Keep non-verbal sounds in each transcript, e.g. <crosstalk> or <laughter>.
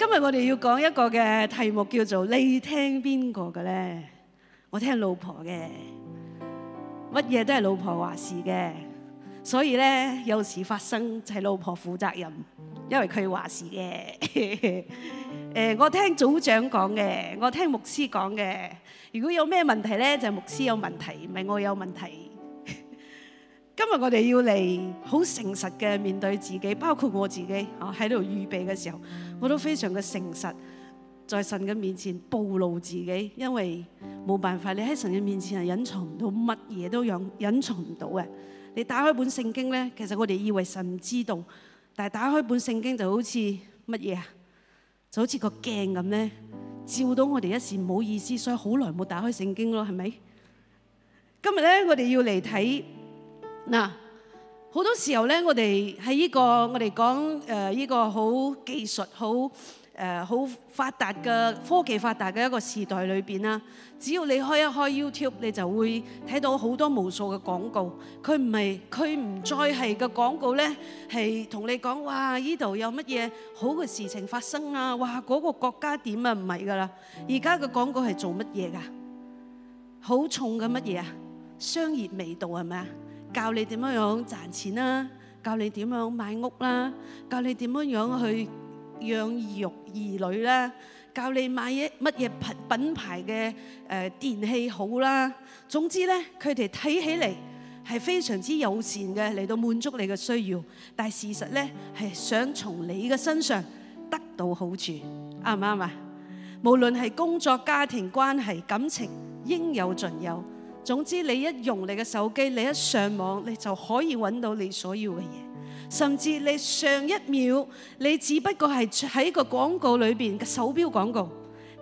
今日我哋要講一個嘅題目叫做你聽邊個嘅咧？我聽老婆嘅，乜嘢都係老婆話事嘅，所以咧有時發生就係老婆負責任，因為佢話事嘅。誒，我聽組長講嘅，我聽牧師講嘅。如果有咩問題咧，就係牧師有問題，唔係我有問題。今日我哋要嚟好誠實嘅面對自己，包括我自己啊喺度預備嘅時候，我都非常嘅誠實，在神嘅面前暴露自己，因為冇辦法，你喺神嘅面前係隱藏唔到乜嘢，都隱藏唔到嘅。你打開本聖經咧，其實我哋以為神唔知道，但係打開本聖經就好似乜嘢啊？就好似個鏡咁咧，照到我哋一時唔好意思，所以好耐冇打開聖經咯，係咪？今日咧，我哋要嚟睇。嗱，好多時候咧，我哋喺依個我哋講誒依個好技術、好誒好發達嘅科技發達嘅一個時代裏邊啦。只要你開一開 YouTube，你就會睇到好多無數嘅廣告。佢唔係佢唔再係個廣告咧，係同你講：哇！依度有乜嘢好嘅事情發生啊？哇！嗰個國家點啊？唔係噶啦，而家嘅廣告係做乜嘢噶？好重嘅乜嘢啊？商業味道係咪啊？教你點樣樣賺錢啦，教你點樣買屋啦，教你點樣樣去養育兒女啦，教你買嘢乜嘢品品牌嘅誒電器好啦。總之咧，佢哋睇起嚟係非常之友善嘅，嚟到滿足你嘅需要。但係事實咧係想從你嘅身上得到好處，啱唔啱啊？無論係工作、家庭、關係、感情，應有盡有。總之，你一用你嘅手機，你一上網，你就可以揾到你所要嘅嘢。甚至你上一秒，你只不過係喺個廣告裏邊嘅手錶廣告，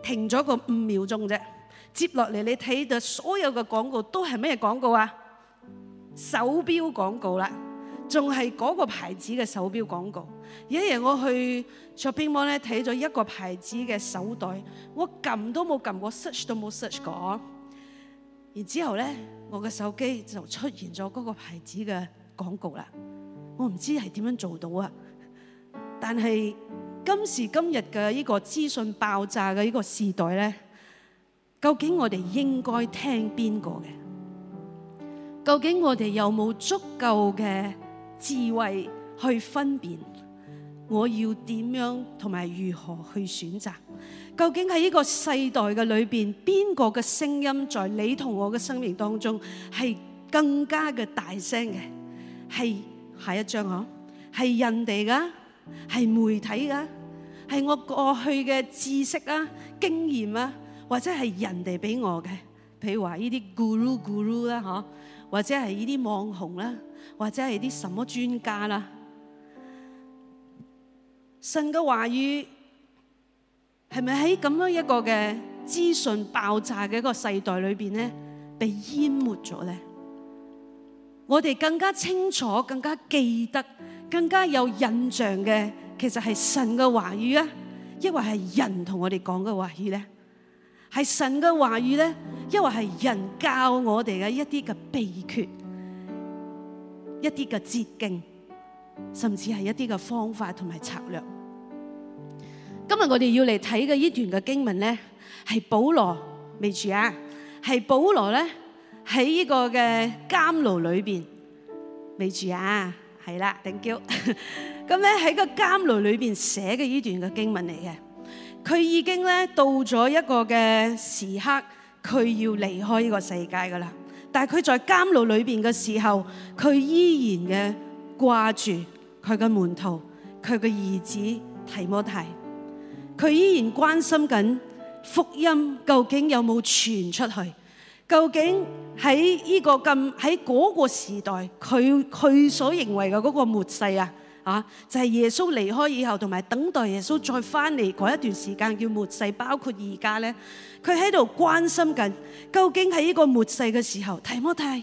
停咗個五秒鐘啫。接落嚟你睇到所有嘅廣告都係咩廣告啊？手錶廣告啦，仲係嗰個牌子嘅手錶廣告。有一日我去 Shopping Mall 咧，睇咗一個牌子嘅手袋，我撳都冇撳過，search 都冇 search 過。然之後咧，我嘅手機就出現咗嗰個牌子嘅廣告啦。我唔知係點樣做到啊！但係今時今日嘅呢個資訊爆炸嘅呢個時代咧，究竟我哋應該聽邊個嘅？究竟我哋有冇足夠嘅智慧去分辨？我要點樣同埋如何去選擇？究竟喺呢個世代嘅裏邊，邊個嘅聲音在你同我嘅生命當中係更加嘅大聲嘅？係下一張呵，係人哋㗎，係媒體㗎，係我過去嘅知識啊、經驗啊，或者係人哋俾我嘅，譬如話呢啲 guru guru 啦呵，或者係呢啲網紅啦，或者係啲什麼專家啦。神嘅話語係咪喺咁樣一個嘅資訊爆炸嘅一個世代裏邊咧，被淹沒咗咧？我哋更加清楚、更加記得、更加有印象嘅，其實係神嘅話語啊，抑或係人同我哋講嘅話語咧？係神嘅話語咧，抑或係人教我哋嘅一啲嘅秘訣、一啲嘅捷徑，甚至係一啲嘅方法同埋策略？今日我哋要嚟睇嘅呢段嘅經文咧，係保羅未住啊，係保羅咧喺呢個嘅監牢裏邊未住啊，係啦，ding 咁咧喺個監牢裏邊寫嘅呢段嘅經文嚟嘅。佢已經咧到咗一個嘅時刻，佢要離開呢個世界噶啦。但係佢在監牢裏邊嘅時候，佢依然嘅掛住佢嘅門徒，佢嘅兒子提摩提。佢依然關心緊福音究竟有冇傳出去？究竟喺呢個咁喺嗰個時代，佢佢所認為嘅嗰個末世啊啊，就係耶穌離開以後，同埋等待耶穌再翻嚟嗰一段時間叫末世，包括而家咧，佢喺度關心緊究竟喺呢個末世嘅時候，提摩太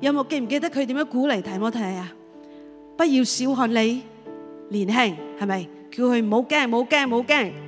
有冇記唔記得佢點樣鼓勵提摩太啊？不要小看你年輕，係咪？叫佢唔好驚，唔好驚，唔好驚。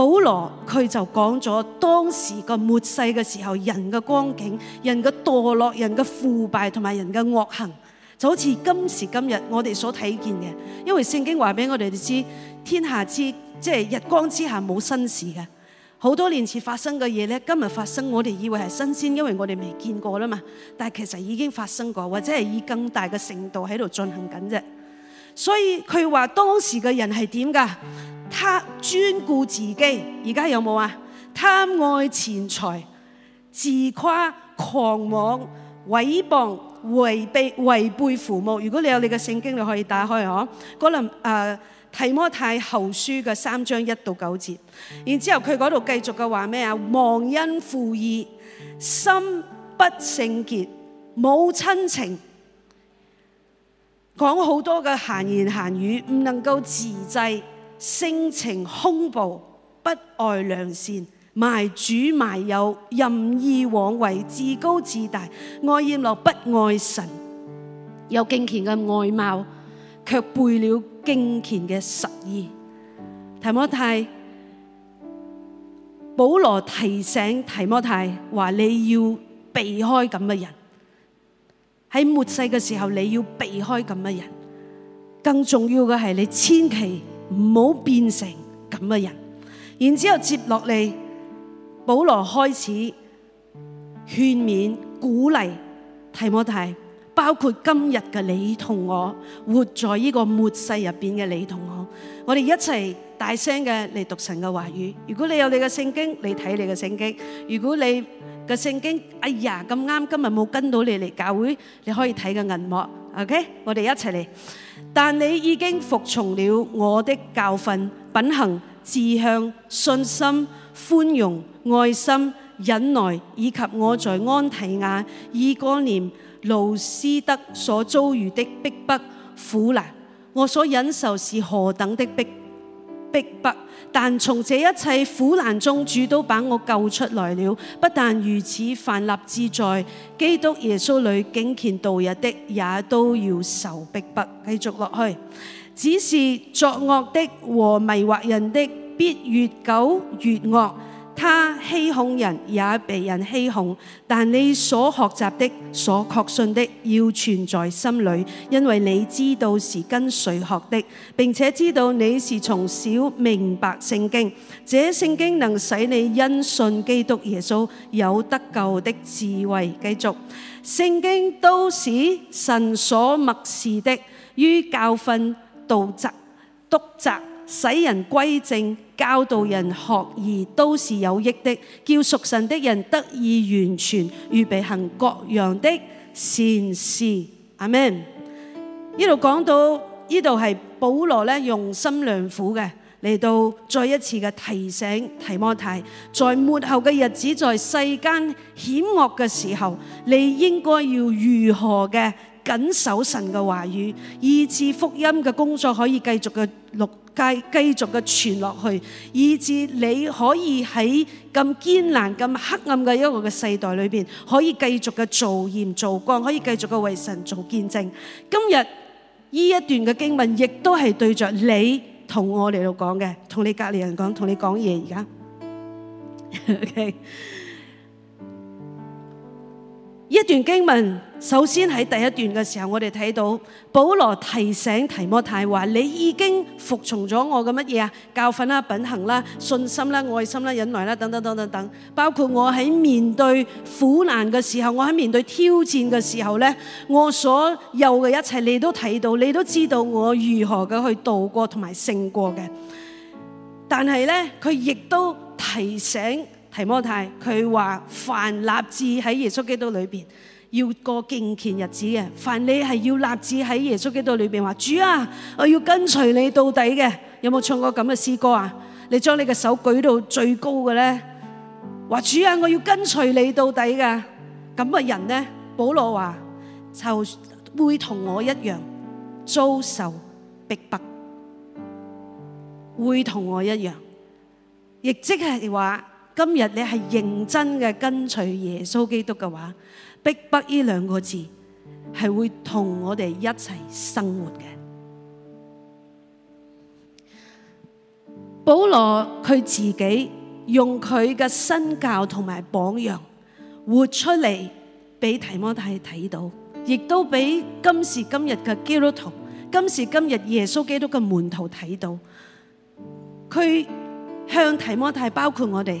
保羅佢就講咗當時個末世嘅時候，人嘅光景、人嘅墮落、人嘅腐敗同埋人嘅惡行，就好似今時今日我哋所睇見嘅。因為聖經話俾我哋知，天下之即係日光之下冇新事嘅。好多年前發生嘅嘢呢，今日發生我哋以為係新鮮，因為我哋未見過啦嘛。但係其實已經發生過，或者係以更大嘅程度喺度進行緊啫。所以佢話當時嘅人係點噶？他專顧自己，而家有冇啊？貪愛錢財，自誇狂妄，毀謗，違背，違背父母。如果你有你嘅聖經，你可以打開哦。嗰林誒提摩太後書嘅三章一到九節，然之後佢嗰度繼續嘅話咩啊？忘恩負義，心不聖潔，冇親情，講好多嘅閒言閒語，唔能夠自制。性情兇暴，不愛良善，賣主賣友，任意妄為，自高自大，愛宴樂，不愛神。有敬虔嘅外貌，卻背了敬虔嘅實意。提摩太，保羅提醒提摩太話：你要避開咁嘅人，喺末世嘅時候你要避開咁嘅人。更重要嘅係你千祈。唔好變成咁嘅人，然之後接落嚟，保羅開始勸勉、鼓勵提摩太，包括今日嘅你同我，活在呢個末世入邊嘅你同我，我哋一齊大聲嘅嚟讀神嘅話語。如果你有你嘅聖經，你睇你嘅聖經；如果你嘅聖經，哎呀咁啱今日冇跟到你嚟教會，你可以睇個銀幕。OK，我哋一齊嚟。但你已經服從了我的教訓、品行、志向、信心、寬容、愛心、忍耐，以及我在安提雅、以哥念、路斯德所遭遇的逼迫苦難。我所忍受是何等的逼逼迫，但從這一切苦難中，主都把我救出來了。不但如此，凡立志在基督耶穌裏敬虔度日的，也都要受逼迫。繼續落去，只是作惡的和迷惑人的，必越久越惡。他欺哄人，也被人欺哄。但你所學習的，所確信的，要存在心裏，因為你知道是跟誰學的，並且知道你是從小明白聖經。這聖經能使你因信基督耶穌有得救的智慧。繼續，聖經都是神所默示的，於教訓、道則、督責。使人歸正、教導人學義，都是有益的。叫屬神的人得以完全，預備行各樣的善事。阿門。呢度講到呢度係保羅咧，用心良苦嘅，嚟到再一次嘅提醒提摩太，在末後嘅日子，在世間險惡嘅時候，你應該要如何嘅謹守神嘅話語，以致福音嘅工作可以繼續嘅錄。繼繼續嘅傳落去，以致你可以喺咁艱難、咁黑暗嘅一個嘅世代裏邊，可以繼續嘅做鹽做光，可以繼續嘅為神做見證。今日呢一段嘅經文，亦都係對着你同我嚟到講嘅，同你隔籬人講，同你講嘢而家。一段經文，首先喺第一段嘅時候我們看，我哋睇到保羅提醒提摩太話：你已經服從咗我嘅乜嘢啊？教訓啦、品行啦、信心啦、愛心啦、忍耐啦，等等等等等等。包括我喺面對苦難嘅時候，我喺面對挑戰嘅時候呢，我所有嘅一切，你都睇到，你都知道我如何嘅去度過同埋勝過嘅。但是呢，佢亦都提醒。提摩太佢話，凡立志喺耶穌基督裏邊要過敬虔日子嘅，凡你係要立志喺耶穌基督裏邊話，主啊，我要跟隨你到底嘅，有冇唱過咁嘅詩歌啊？你將你嘅手舉到最高嘅咧，話主啊，我要跟隨你到底嘅。咁嘅人咧，保羅話就會同我一樣遭受逼迫，會同我一樣，亦即係話。今日你係認真嘅跟隨耶穌基督嘅話，逼迫呢兩個字係會同我哋一齊生活嘅。保羅佢自己用佢嘅身教同埋榜樣活出嚟，俾提摩太睇到，亦都俾今時今日嘅基督徒、今時今日耶穌基督嘅門徒睇到。佢向提摩太，包括我哋。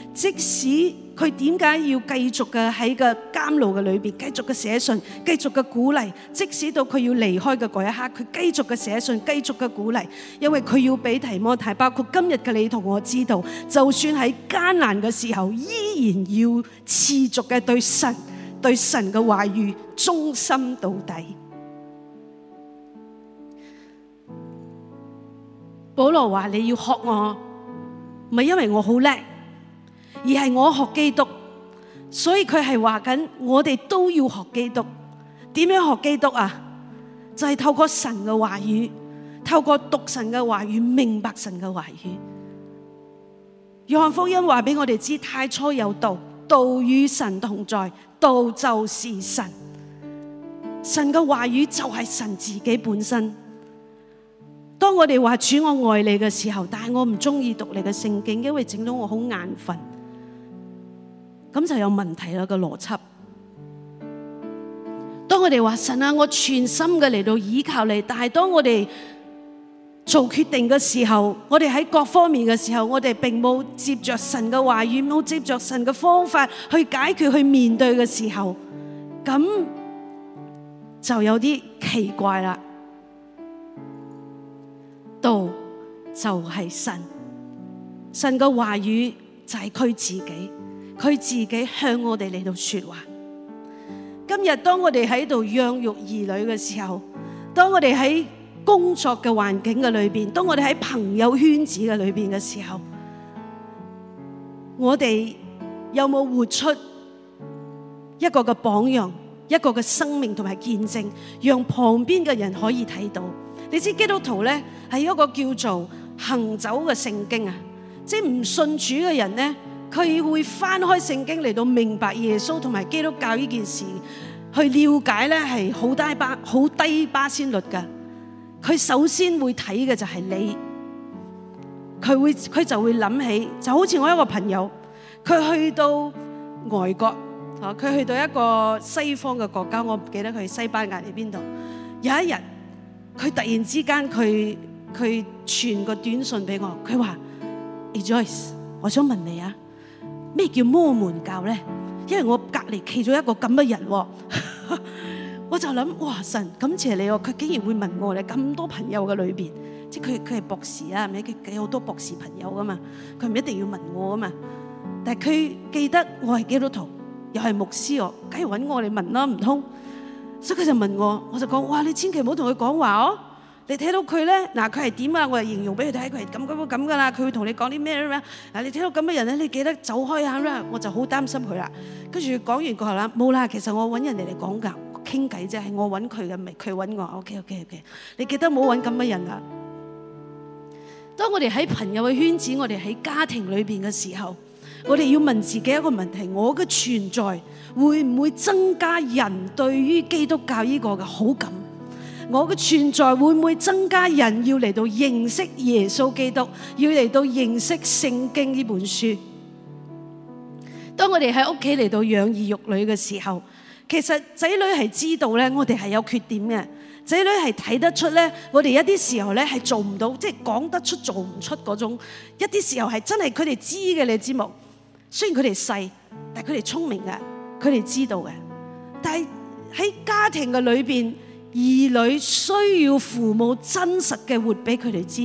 即使佢點解要繼續嘅喺個監牢嘅裏邊繼續嘅寫信，繼續嘅鼓勵，即使到佢要離開嘅嗰一刻，佢繼續嘅寫信，繼續嘅鼓勵，因為佢要俾提摩太，包括今日嘅你同我知道，就算喺艱難嘅時候，依然要持續嘅對神對神嘅話語忠心到底。保羅話：你要學我，唔係因為我好叻。而係我學基督，所以佢係話緊，我哋都要學基督。點樣學基督啊？就係、是、透過神嘅話語，透過讀神嘅話語，明白神嘅話語。約翰福音話俾我哋知，太初有道，道與神同在，道就是神。神嘅話語就係神自己本身。當我哋話，主我愛你嘅時候，但係我唔中意讀你嘅聖經，因為整到我好眼瞓。咁就有問題啦，個邏輯。當我哋話神啊，我全心嘅嚟到依靠你，但係當我哋做決定嘅時候，我哋喺各方面嘅時候，我哋並冇接着神嘅話語，冇接着神嘅方法去解決去面對嘅時候，咁就有啲奇怪啦。道就係神，神嘅話語就係佢自己。佢自己向我哋嚟到說話。今日當我哋喺度養育兒女嘅時候，當我哋喺工作嘅環境嘅裏邊，當我哋喺朋友圈子嘅裏邊嘅時候，我哋有冇活出一個嘅榜樣，一個嘅生命同埋見證，讓旁邊嘅人可以睇到？你知基督徒咧係一個叫做行走嘅聖經啊！即係唔信主嘅人咧。佢會翻開聖經嚟到明白耶穌同埋基督教呢件事，去了解咧係好低巴好低巴仙率嘅。佢首先會睇嘅就係你，佢會佢就會諗起，就好似我一個朋友，佢去到外國，啊，佢去到一個西方嘅國家，我唔記得佢喺西班牙定邊度。有一日，佢突然之間佢佢傳個短信俾我，佢話：Joyce，我想問你啊。咩叫摩門教咧？因為我隔離企咗一個咁嘅人喎，我就諗哇神感謝你哦！佢竟然會問我咧，咁多朋友嘅裏邊，即係佢佢係博士啊，唔係佢有好多博士朋友噶嘛，佢唔一定要問我啊嘛。但係佢記得我係基督徒，又係牧師哦，梗係揾我嚟問啦，唔通？所以佢就問我，我就講哇你千祈唔好同佢講話哦。你睇到佢咧，嗱佢係點啊？他我係形容俾佢睇，佢係咁咁咁咁噶啦。佢會同你講啲咩啦？嗱、啊，你睇到咁嘅人咧，你記得走開下啦。我就好擔心佢啦。跟住講完過後啦，冇啦。其實我揾人哋嚟講噶，傾偈啫，係我揾佢嘅，唔係佢揾我。OK，OK，OK，你記得唔好揾咁嘅人啦。當我哋喺朋友嘅圈子，我哋喺家庭裏邊嘅時候，我哋要問自己一個問題：我嘅存在會唔會增加人對於基督教呢個嘅好感？我嘅存在會唔會增加人要嚟到認識耶穌基督，要嚟到認識聖經呢本書？當我哋喺屋企嚟到養兒育女嘅時候，其實仔女係知道咧，我哋係有缺點嘅，仔女係睇得出咧，我哋一啲時候咧係做唔到，即係講得出做唔出嗰種，一啲時候係真係佢哋知嘅，你知冇？雖然佢哋細，但係佢哋聰明嘅，佢哋知道嘅。但係喺家庭嘅裏邊。兒女需要父母真實嘅活俾佢哋知，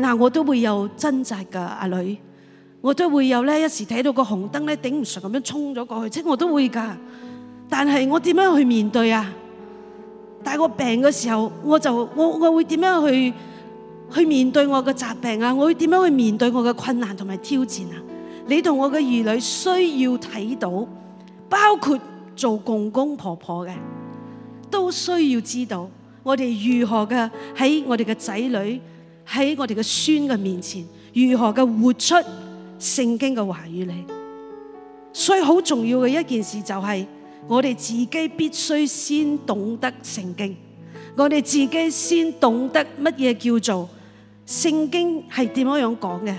嗱，我都會有掙扎噶，阿女，我都會有咧，一時睇到個紅燈咧，頂唔順咁樣衝咗過去，即我都會噶。但係我點樣去面對啊？但係我病嘅時候，我就我我會點樣去去面對我嘅疾病啊？我會點樣去面對我嘅困難同埋挑戰啊？你同我嘅兒女需要睇到，包括做公公婆婆嘅。都需要知道我哋如何嘅喺我哋嘅仔女，喺我哋嘅孫嘅面前如何嘅活出聖經嘅話語嚟。所以好重要嘅一件事就係我哋自己必須先懂得聖經，我哋自己先懂得乜嘢叫做聖經係點樣樣講嘅。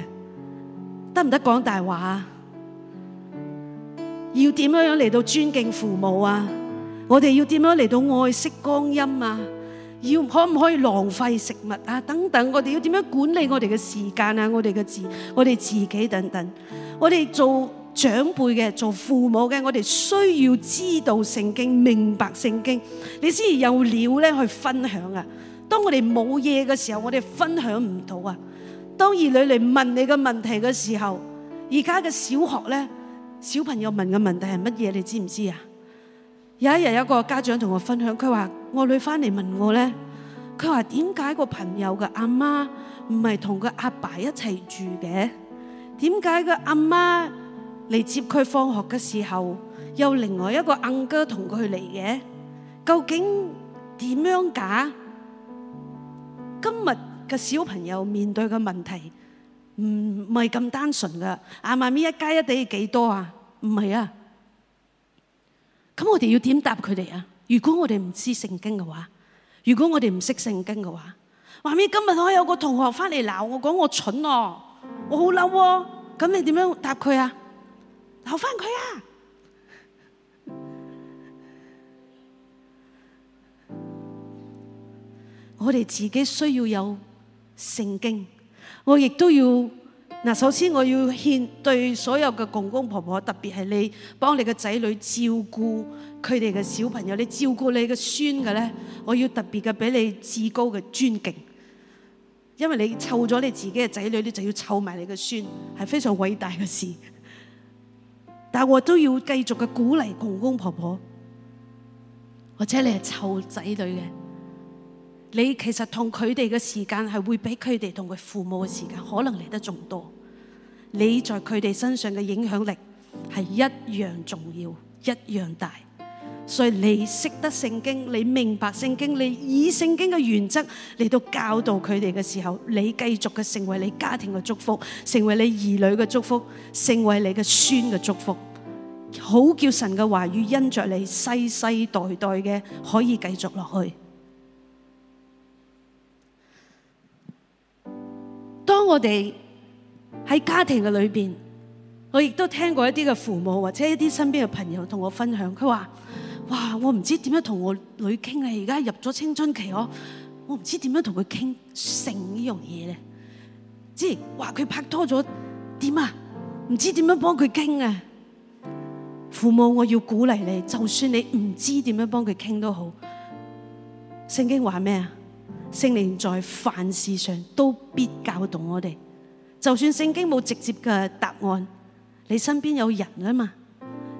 得唔得講大話啊？要點樣樣嚟到尊敬父母啊？我哋要點樣嚟到愛惜光陰啊？要可唔可以浪費食物啊？等等，我哋要點樣管理我哋嘅時間啊？我哋嘅自我哋自己等等，我哋做長輩嘅、做父母嘅，我哋需要知道聖經、明白聖經，你先有料咧去分享啊！當我哋冇嘢嘅時候，我哋分享唔到啊！當兒女嚟問你嘅問題嘅時候，而家嘅小學咧，小朋友問嘅問題係乜嘢？你知唔知啊？有一日，有一個家長同我分享，佢話我女返嚟問我咧，佢話點解個朋友嘅阿媽唔係同佢阿爸一齊住嘅？點解佢阿媽嚟接佢放學嘅時候，又另外一個 uncle 同佢嚟嘅？究竟點樣㗎？今日嘅小朋友面對嘅問題唔係咁單純㗎。阿媽咪一加一等於幾多啊？唔係啊？咁我哋要點答佢哋啊？如果我哋唔知聖經嘅話，如果我哋唔識聖經嘅話，媽咪，今日我有個同學翻嚟鬧我，講我蠢，我好嬲。咁你點樣答佢啊？鬧翻佢啊！我哋、啊、自己需要有聖經，我亦都要。嗱，首先我要獻對所有嘅公公婆婆，特別係你幫你嘅仔女照顧佢哋嘅小朋友，你照顧你嘅孫嘅咧，我要特別嘅俾你至高嘅尊敬，因為你湊咗你自己嘅仔女，你就要湊埋你嘅孫，係非常偉大嘅事。但我都要繼續嘅鼓勵公公婆婆，或者你係湊仔女嘅。你其實同佢哋嘅時間係會比佢哋同佢父母嘅時間可能嚟得仲多。你在佢哋身上嘅影響力係一樣重要、一樣大。所以你識得聖經，你明白聖經，你以聖經嘅原則嚟到教導佢哋嘅時候，你繼續嘅成為你家庭嘅祝福，成為你兒女嘅祝福，成為你嘅孫嘅祝福，好叫神嘅話語因着你世世代代嘅可以繼續落去。當我哋喺家庭嘅裏邊，我亦都聽過一啲嘅父母或者一啲身邊嘅朋友同我分享，佢話：哇，我唔知點樣同我女傾啊，而家入咗青春期，我我唔知點樣同佢傾性呢樣嘢咧。即係話佢拍拖咗，點啊？唔知點樣幫佢傾啊？父母，我要鼓勵你，就算你唔知點樣幫佢傾都好。聖經話咩啊？聖靈在凡事上都必教導我哋，就算聖經冇直接嘅答案，你身邊有人啊嘛，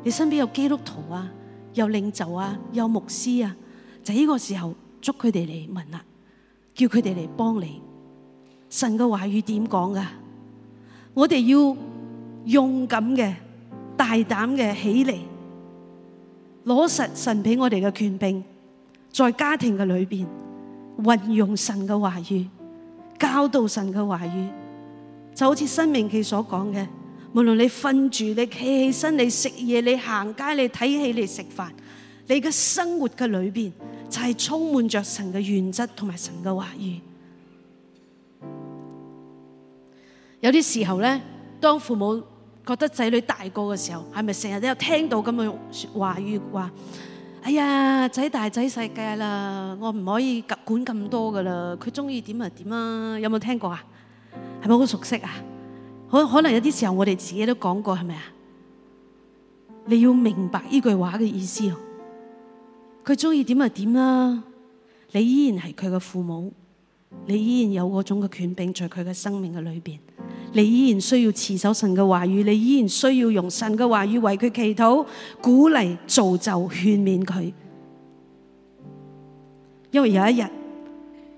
你身邊有基督徒啊，有領袖啊，有牧師啊，就呢個時候捉佢哋嚟問啊，叫佢哋嚟幫你。神嘅話語點講㗎？我哋要勇敢嘅、大膽嘅起嚟，攞實神俾我哋嘅權柄，在家庭嘅裏邊。運用神嘅話語，教導神嘅話語，就好似申命記所講嘅，無論你瞓住、你企起身、你食嘢、你行街、你睇戲、你食飯，你嘅生活嘅裏邊就係、是、充滿着神嘅原則同埋神嘅話語。 <noise> 有啲時候咧，當父母覺得仔女大個嘅時候，係咪成日都有聽到咁嘅話語的話？哎呀，仔大仔世界啦，我唔可以管咁多噶啦。佢中意點咪點啦，有冇聽過啊？係咪好熟悉啊？可可能有啲時候我哋自己都講過係咪啊？你要明白呢句話嘅意思喎。佢中意點咪點啦，你依然係佢嘅父母，你依然有嗰種嘅權柄在佢嘅生命嘅裏邊。你依然需要持守神嘅話語，你依然需要用神嘅話語為佢祈禱、鼓勵、造就、勸勉佢。因為有一日，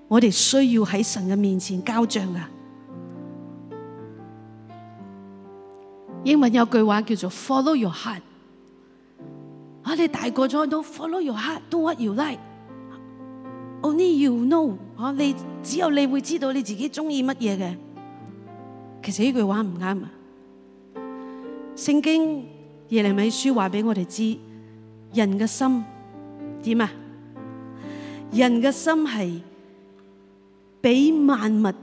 我哋需要喺神嘅面前交賬啊！英文有句話叫做 Follow your heart。啊，你大個咗都 Follow your heart，do what you like。Only you know，啊，你只有你會知道你自己中意乜嘢嘅。其實呢句話唔啱啊！聖經耶利米書話俾我哋知，人嘅心點啊？人嘅心係比萬物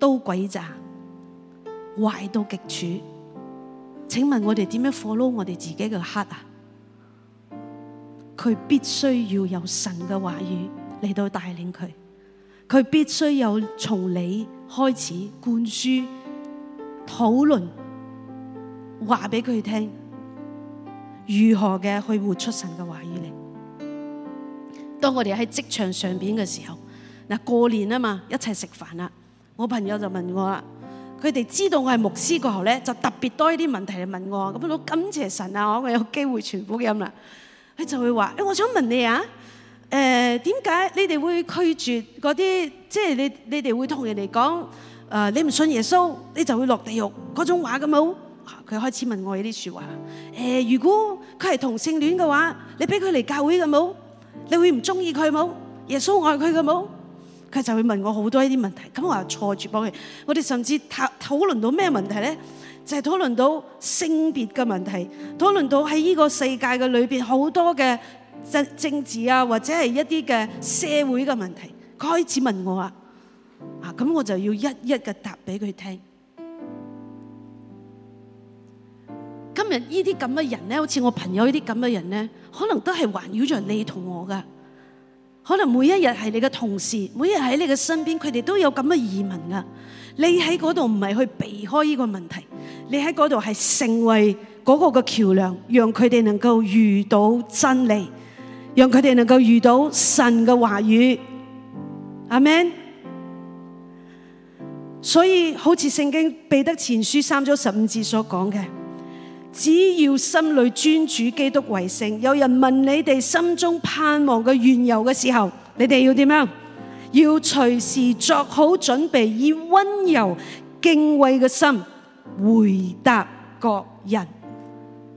都詭詐，壞到極處。請問我哋點樣 follow 我哋自己嘅黑啊？佢必須要有神嘅話語嚟到帶領佢，佢必須有從你開始灌輸。討論話俾佢聽，如何嘅去活出神嘅話語咧？當我哋喺職場上面嘅時候，嗱過年啊嘛，一齊食飯啦。我朋友就問我啦，佢哋知道我係牧師過後咧，就特別多呢啲問題嚟問我。咁都感謝神啊，我有機會傳福音啦。佢就會話，我想問你啊，誒點解你哋會拒絕嗰啲？即係你你哋會同人哋講？誒，你唔信耶穌，你就會落地獄嗰種話嘅冇？佢開始問我呢啲説話。誒、呃，如果佢係同性戀嘅話，你俾佢嚟教會嘅冇？你會唔中意佢冇？耶穌愛佢嘅冇？佢就會問我好多呢啲問題。咁我又坐住幫佢。我哋甚至討討論到咩問題咧？就係討論到性別嘅問題，討論到喺呢個世界嘅裏邊好多嘅政政治啊，或者係一啲嘅社會嘅問題。佢開始問我啊。啊，咁我就要一一嘅答俾佢聽。今日呢啲咁嘅人咧，好似我朋友呢啲咁嘅人咧，可能都係環繞着你同我噶可能每一日係你嘅同事，每一日喺你嘅身邊，佢哋都有咁嘅疑問噶。你喺嗰度唔係去避開呢個問題，你喺嗰度係成為嗰個嘅橋樑，讓佢哋能夠遇到真理，讓佢哋能夠遇到神嘅話語。阿門。所以好似聖經彼得前書三章十五節所講嘅，只要心裏尊主基督為聖，有人問你哋心中盼望嘅緣由嘅時候，你哋要點樣？要隨時作好準備，以温柔敬畏嘅心回答各人。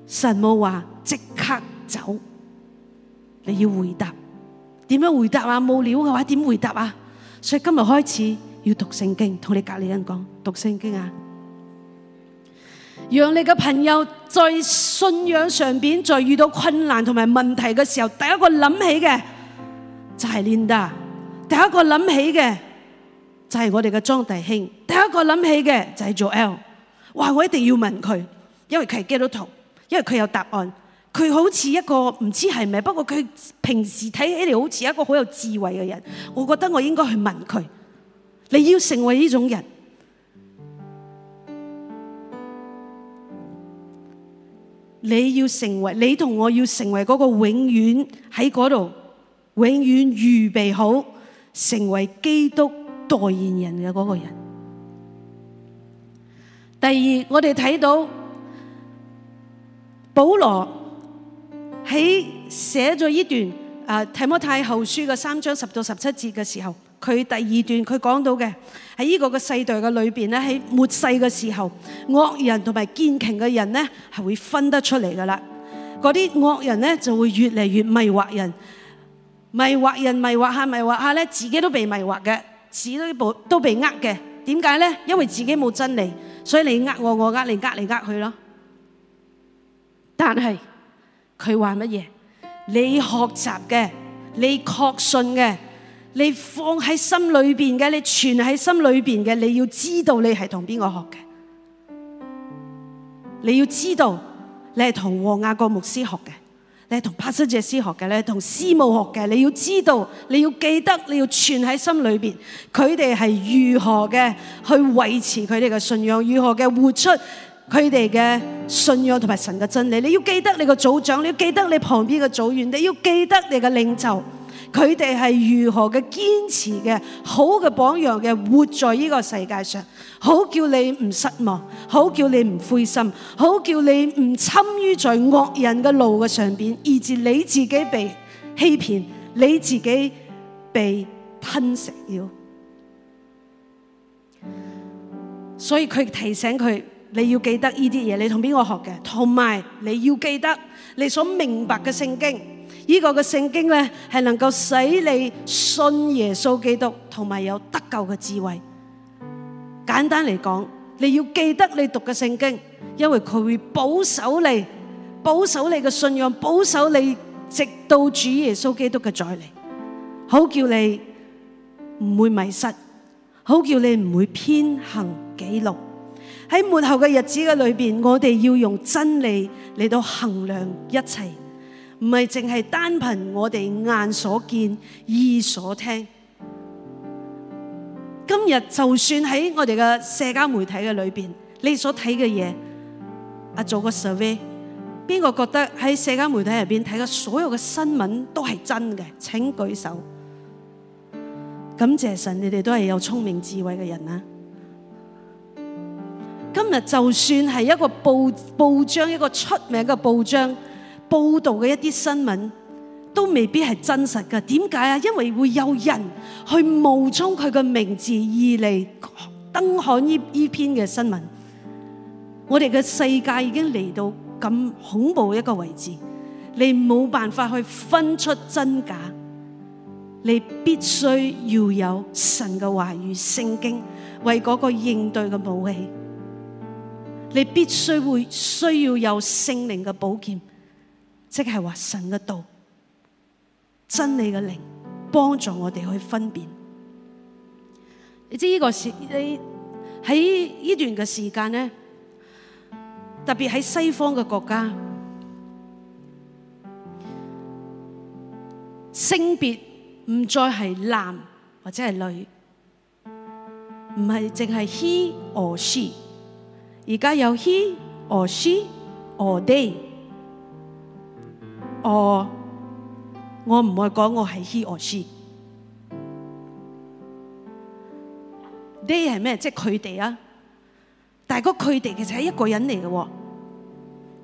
神冇話即刻走，你要回答。點樣回答啊？冇料嘅話點回答啊？所以今日開始。要讀聖經，同你隔籬人講讀聖經啊！讓你嘅朋友在信仰上面，在遇到困難同埋問題嘅時候，第一個諗起嘅就係 Linda，第一個諗起嘅就係我哋嘅莊弟兄，第一個諗起嘅就係做 L。哇！我一定要問佢，因為佢係基督徒，因為佢有答案。佢好似一個唔知係咪，不過佢平時睇起嚟，好似一個好有智慧嘅人。我覺得我應該去問佢。你要成為呢種人，你要成為，你同我要成為嗰個永遠喺嗰度，永遠預備好成為基督代言人嘅嗰個人。第二，我哋睇到保羅喺寫咗呢段啊提摩太後書嘅三章十到十七節嘅時候。佢第二段佢講到嘅喺呢個嘅世代嘅裏邊咧，喺末世嘅時候，惡人同埋堅強嘅人咧係會分得出嚟噶啦。嗰啲惡人咧就會越嚟越迷惑人，迷惑人、迷惑下、迷惑下咧，自己都被迷惑嘅，自己都都被呃嘅。點解咧？因為自己冇真理，所以你呃我，我呃你，呃你呃佢咯。但係佢話乜嘢？你學習嘅，你確信嘅。你放喺心裏邊嘅，你存喺心裏邊嘅，你要知道你係同邊個學嘅，你要知道你係同王雅各牧師學嘅，你係同帕斯姐師學嘅，你係同師母學嘅，你要知道，你要記得，你要存喺心裏邊，佢哋係如何嘅去維持佢哋嘅信仰，如何嘅活出佢哋嘅信仰同埋神嘅真理。你要記得你個組長，你要記得你旁邊嘅組員，你要記得你嘅領袖。佢哋係如何嘅堅持嘅好嘅榜樣嘅活在呢個世界上，好叫你唔失望，好叫你唔灰心，好叫你唔參與在惡人嘅路嘅上邊，以至你自己被欺騙，你自己被吞食了。所以佢提醒佢，你要記得呢啲嘢，你同邊個學嘅，同埋你要記得你所明白嘅聖經。呢個嘅聖經咧，係能夠使你信耶穌基督，同埋有得救嘅智慧。簡單嚟講，你要記得你讀嘅聖經，因為佢會保守你，保守你嘅信仰，保守你直到主耶穌基督嘅再嚟。好叫你唔會迷失，好叫你唔會偏行己路。喺末後嘅日子嘅裏邊，我哋要用真理嚟到衡量一切。唔係淨係單憑我哋眼所見耳所聽。今日就算喺我哋嘅社交媒體嘅裏邊，你所睇嘅嘢，啊，做個 survey，邊個覺得喺社交媒體入邊睇嘅所有嘅新聞都係真嘅？請舉手。感謝神，你哋都係有聰明智慧嘅人啊！今日就算係一個報報章，一個出名嘅報章。報道嘅一啲新聞都未必係真實㗎，點解啊？因為會有人去冒充佢嘅名字而嚟登刊呢呢篇嘅新聞。我哋嘅世界已經嚟到咁恐怖的一個位置，你冇辦法去分出真假。你必須要有神嘅話語、聖經為嗰個應對嘅武器。你必須會需要有聖靈嘅寶劍。即係話神嘅道、真理嘅靈，幫助我哋去分辨。你知呢個時，你喺呢段嘅時間咧，特別喺西方嘅國家，性別唔再係男或者係女，唔係淨係 he or she，而家有 he or she or they。哦、oh，我唔會講我係 he or she。they 係咩？即係佢哋啊！但係佢哋其實係一個人嚟嘅，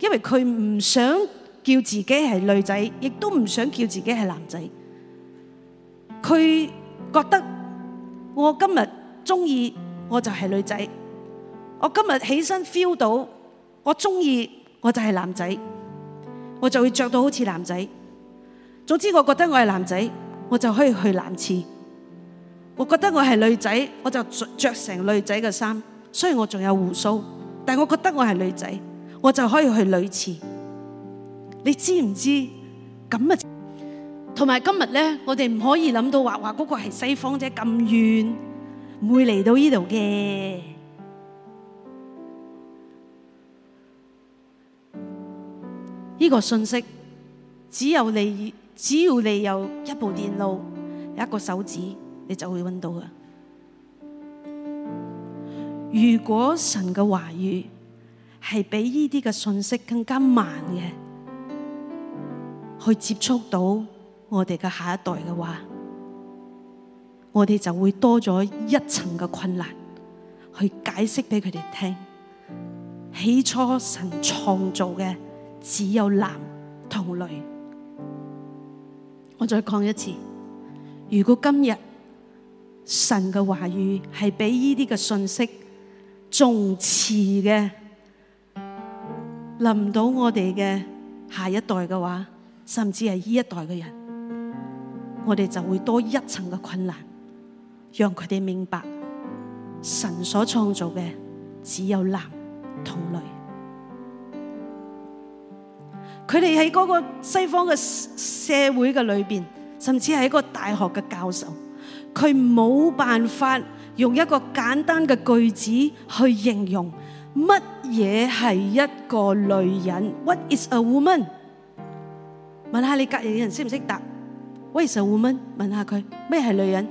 因為佢唔想叫自己係女仔，亦都唔想叫自己係男仔。佢覺得，我今日中意我就係女仔，我今日起身 feel 到我中意我就係男仔。我就會着到好似男仔，總之我覺得我係男仔，我就可以去男廁。我覺得我係女仔，我就着成女仔嘅衫，雖然我仲有鬍鬚，但係我覺得我係女仔，我就可以去女廁。你知唔知咁啊？同埋今日呢，我哋唔可以諗到話話嗰個係西方啫，咁遠唔會嚟到呢度嘅。呢、這個信息只有你，只要你有一部電腦、一個手指，你就會搵到嘅。如果神嘅話語係比呢啲嘅信息更加慢嘅，去接觸到我哋嘅下一代嘅話，我哋就會多咗一層嘅困難去解釋俾佢哋聽。起初神創造嘅。只有男同女。我再講一次，如果今日神嘅話語係俾呢啲嘅信息，仲遲嘅臨唔到我哋嘅下一代嘅話，甚至係呢一代嘅人，我哋就會多一層嘅困難，讓佢哋明白神所創造嘅只有男同女。佢哋喺嗰個西方嘅社會嘅裏邊，甚至係一個大學嘅教授，佢冇辦法用一個簡單嘅句子去形容乜嘢係一個女人。What is a woman？問下你隔離嘅人識唔識答？What is a woman？問下佢咩係女人？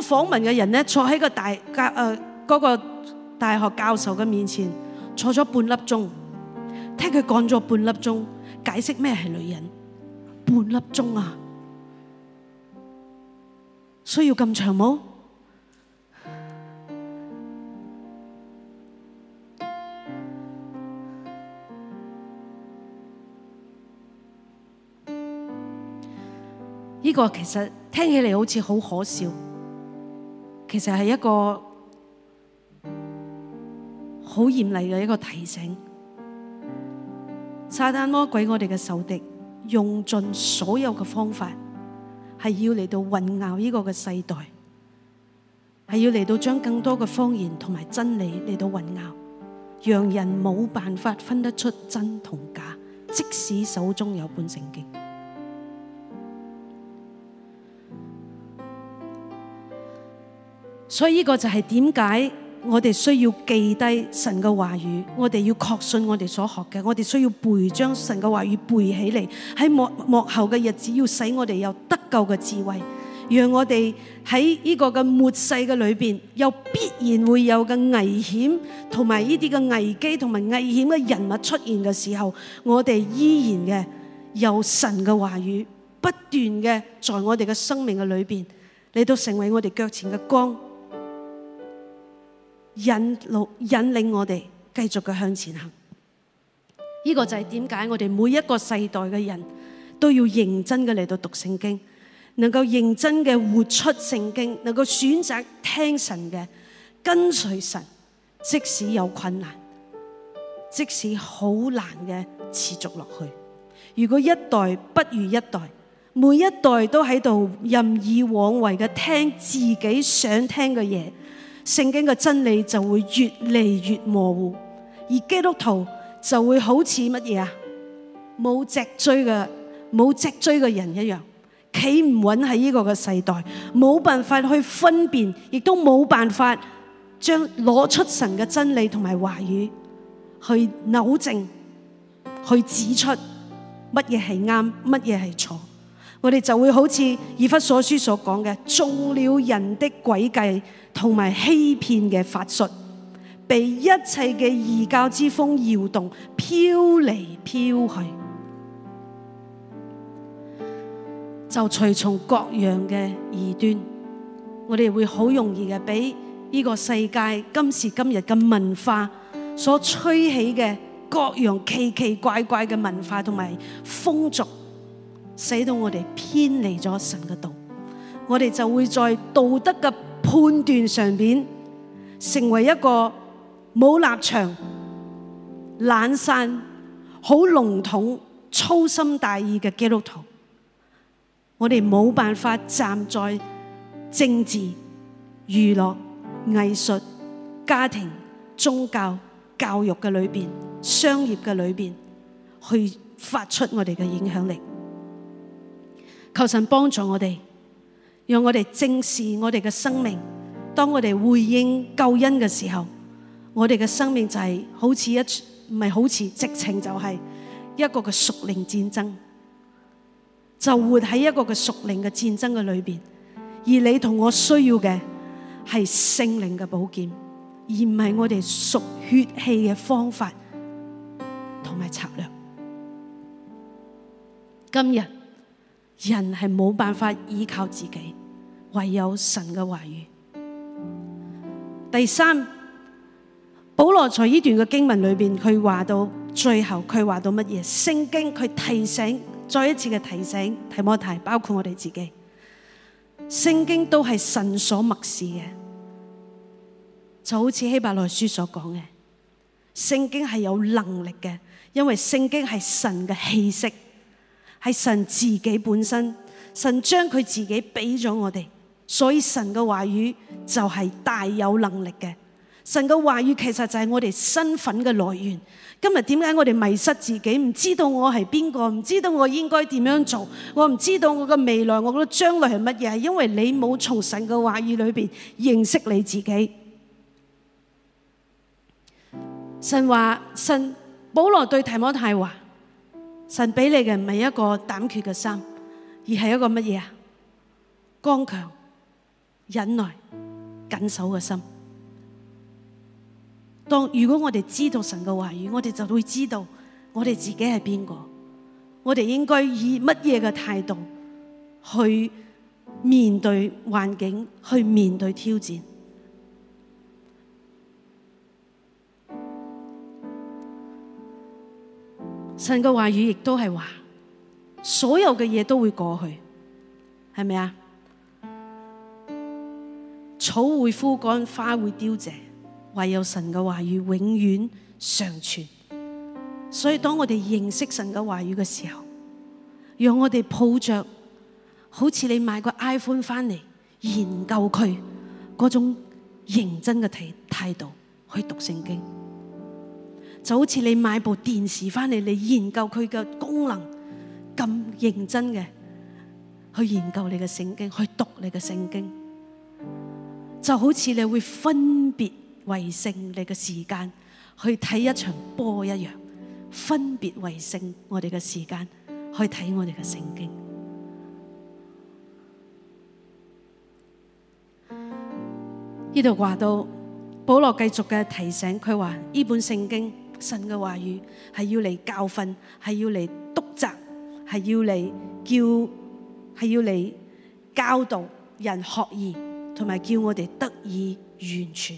訪問嘅人咧，坐喺個大教、誒嗰個大學教授嘅面前，坐咗半粒鐘，聽佢講咗半粒鐘，解釋咩係女人，半粒鐘啊，需要咁長冇？呢個其實聽起嚟好似好可笑。其實係一個好嚴厲嘅一個提醒，撒旦魔鬼我哋嘅仇敵，用盡所有嘅方法，係要嚟到混淆呢個嘅世代，係要嚟到將更多嘅謊言同埋真理嚟到混淆，讓人冇辦法分得出真同假，即使手中有半成經。所以呢個就係點解，我哋需要記低神嘅話語，我哋要確信我哋所學嘅，我哋需要背將神嘅話語背起嚟，喺幕幕後嘅日子要使我哋有得救嘅智慧，讓我哋喺呢個嘅末世嘅裏面，又必然會有嘅危險同埋呢啲嘅危機同埋危險嘅人物出現嘅時候，我哋依然嘅有神嘅話語不斷嘅在我哋嘅生命嘅裏面，嚟到成為我哋腳前嘅光。引路引領我哋繼續嘅向前行，呢個就係點解我哋每一個世代嘅人都要認真嘅嚟到讀聖經，能夠認真嘅活出聖經，能夠選擇聽神嘅，跟隨神，即使有困難，即使好難嘅持續落去。如果一代不如一代，每一代都喺度任意妄為嘅聽自己想聽嘅嘢。聖經嘅真理就會越嚟越模糊，而基督徒就會好似乜嘢啊？冇脊椎嘅冇脊椎嘅人一樣，企唔穩喺呢個嘅世代，冇辦法去分辨，亦都冇辦法將攞出神嘅真理同埋話語去扭正、去指出乜嘢係啱，乜嘢係錯。我哋就會好似以弗所書所講嘅，中了人的詭計。同埋欺騙嘅法術，被一切嘅異教之風搖動，飄嚟飄去，就隨從各樣嘅異端。我哋會好容易嘅俾呢個世界今時今日嘅文化所吹起嘅各樣奇奇怪怪嘅文化同埋風俗，使到我哋偏離咗神嘅道。我哋就會在道德嘅判斷上邊成為一個冇立場、懶散、好籠統、粗心大意嘅基督徒，我哋冇辦法站在政治、娛樂、藝術、家庭、宗教、教育嘅裏邊、商業嘅裏邊去發出我哋嘅影響力。求神幫助我哋。讓我哋正視我哋嘅生命。當我哋回應救恩嘅時候，我哋嘅生命就係好似一唔係好似直情就係一個嘅屬靈戰爭，就活喺一個嘅屬靈嘅戰爭嘅裏邊。而你同我需要嘅係聖靈嘅寶劍，而唔係我哋屬血氣嘅方法同埋策略。今日人係冇辦法依靠自己。唯有神嘅話語。第三，保羅在呢段嘅經文裏邊，佢話到最後，佢話到乜嘢？聖經佢提醒，再一次嘅提醒，提摩太，包括我哋自己，聖經都係神所默示嘅，就好似希伯來書所講嘅，聖經係有能力嘅，因為聖經係神嘅氣息，係神自己本身，神將佢自己俾咗我哋。所以神嘅話語就係大有能力嘅，神嘅話語其實就係我哋身份嘅來源。今日點解我哋迷失自己？唔知道我係邊個，唔知道我應該點樣做，我唔知道我嘅未來，我覺得將來係乜嘢？係因為你冇從神嘅話語裏邊認識你自己。神話神保羅對提摩太話：神俾你嘅唔係一個膽怯嘅心，而係一個乜嘢啊？剛強。忍耐、緊守嘅心。當如果我哋知道神嘅話語，我哋就會知道我哋自己係邊個，我哋應該以乜嘢嘅態度去面對環境，去面對挑戰。神嘅話語亦都係話，所有嘅嘢都會過去，係咪啊？草會枯乾，花會凋謝，唯有神嘅話語永遠常存。所以當我哋認識神嘅話語嘅時候，讓我哋抱着好似你買個 iPhone 翻嚟研究佢嗰種認真嘅態態度去讀聖經，就好似你買部電視翻嚟，你研究佢嘅功能，咁認真嘅去研究你嘅聖經，去讀你嘅聖經。就好似你會分別為聖你嘅時間去睇一場波一樣，分別為聖我哋嘅時間去睇我哋嘅聖經。呢度話到，保羅繼續嘅提醒佢話：呢本聖經神嘅話語係要嚟教訓，係要嚟督責，係要嚟叫，係要嚟教導人學義。同埋叫我哋得以完全，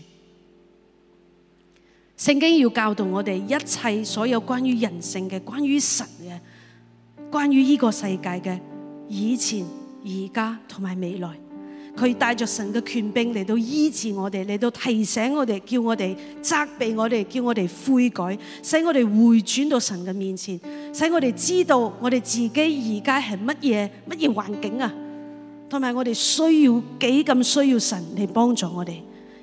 聖經要教導我哋一切所有關於人性嘅、關於神嘅、關於呢個世界嘅以前、而家同埋未來，佢帶着神嘅權柄嚟到醫治我哋，嚟到提醒我哋，叫我哋責備我哋，叫我哋悔改，使我哋回轉到神嘅面前，使我哋知道我哋自己而家係乜嘢乜嘢環境啊！同埋我哋需要幾咁需要神嚟幫助我哋，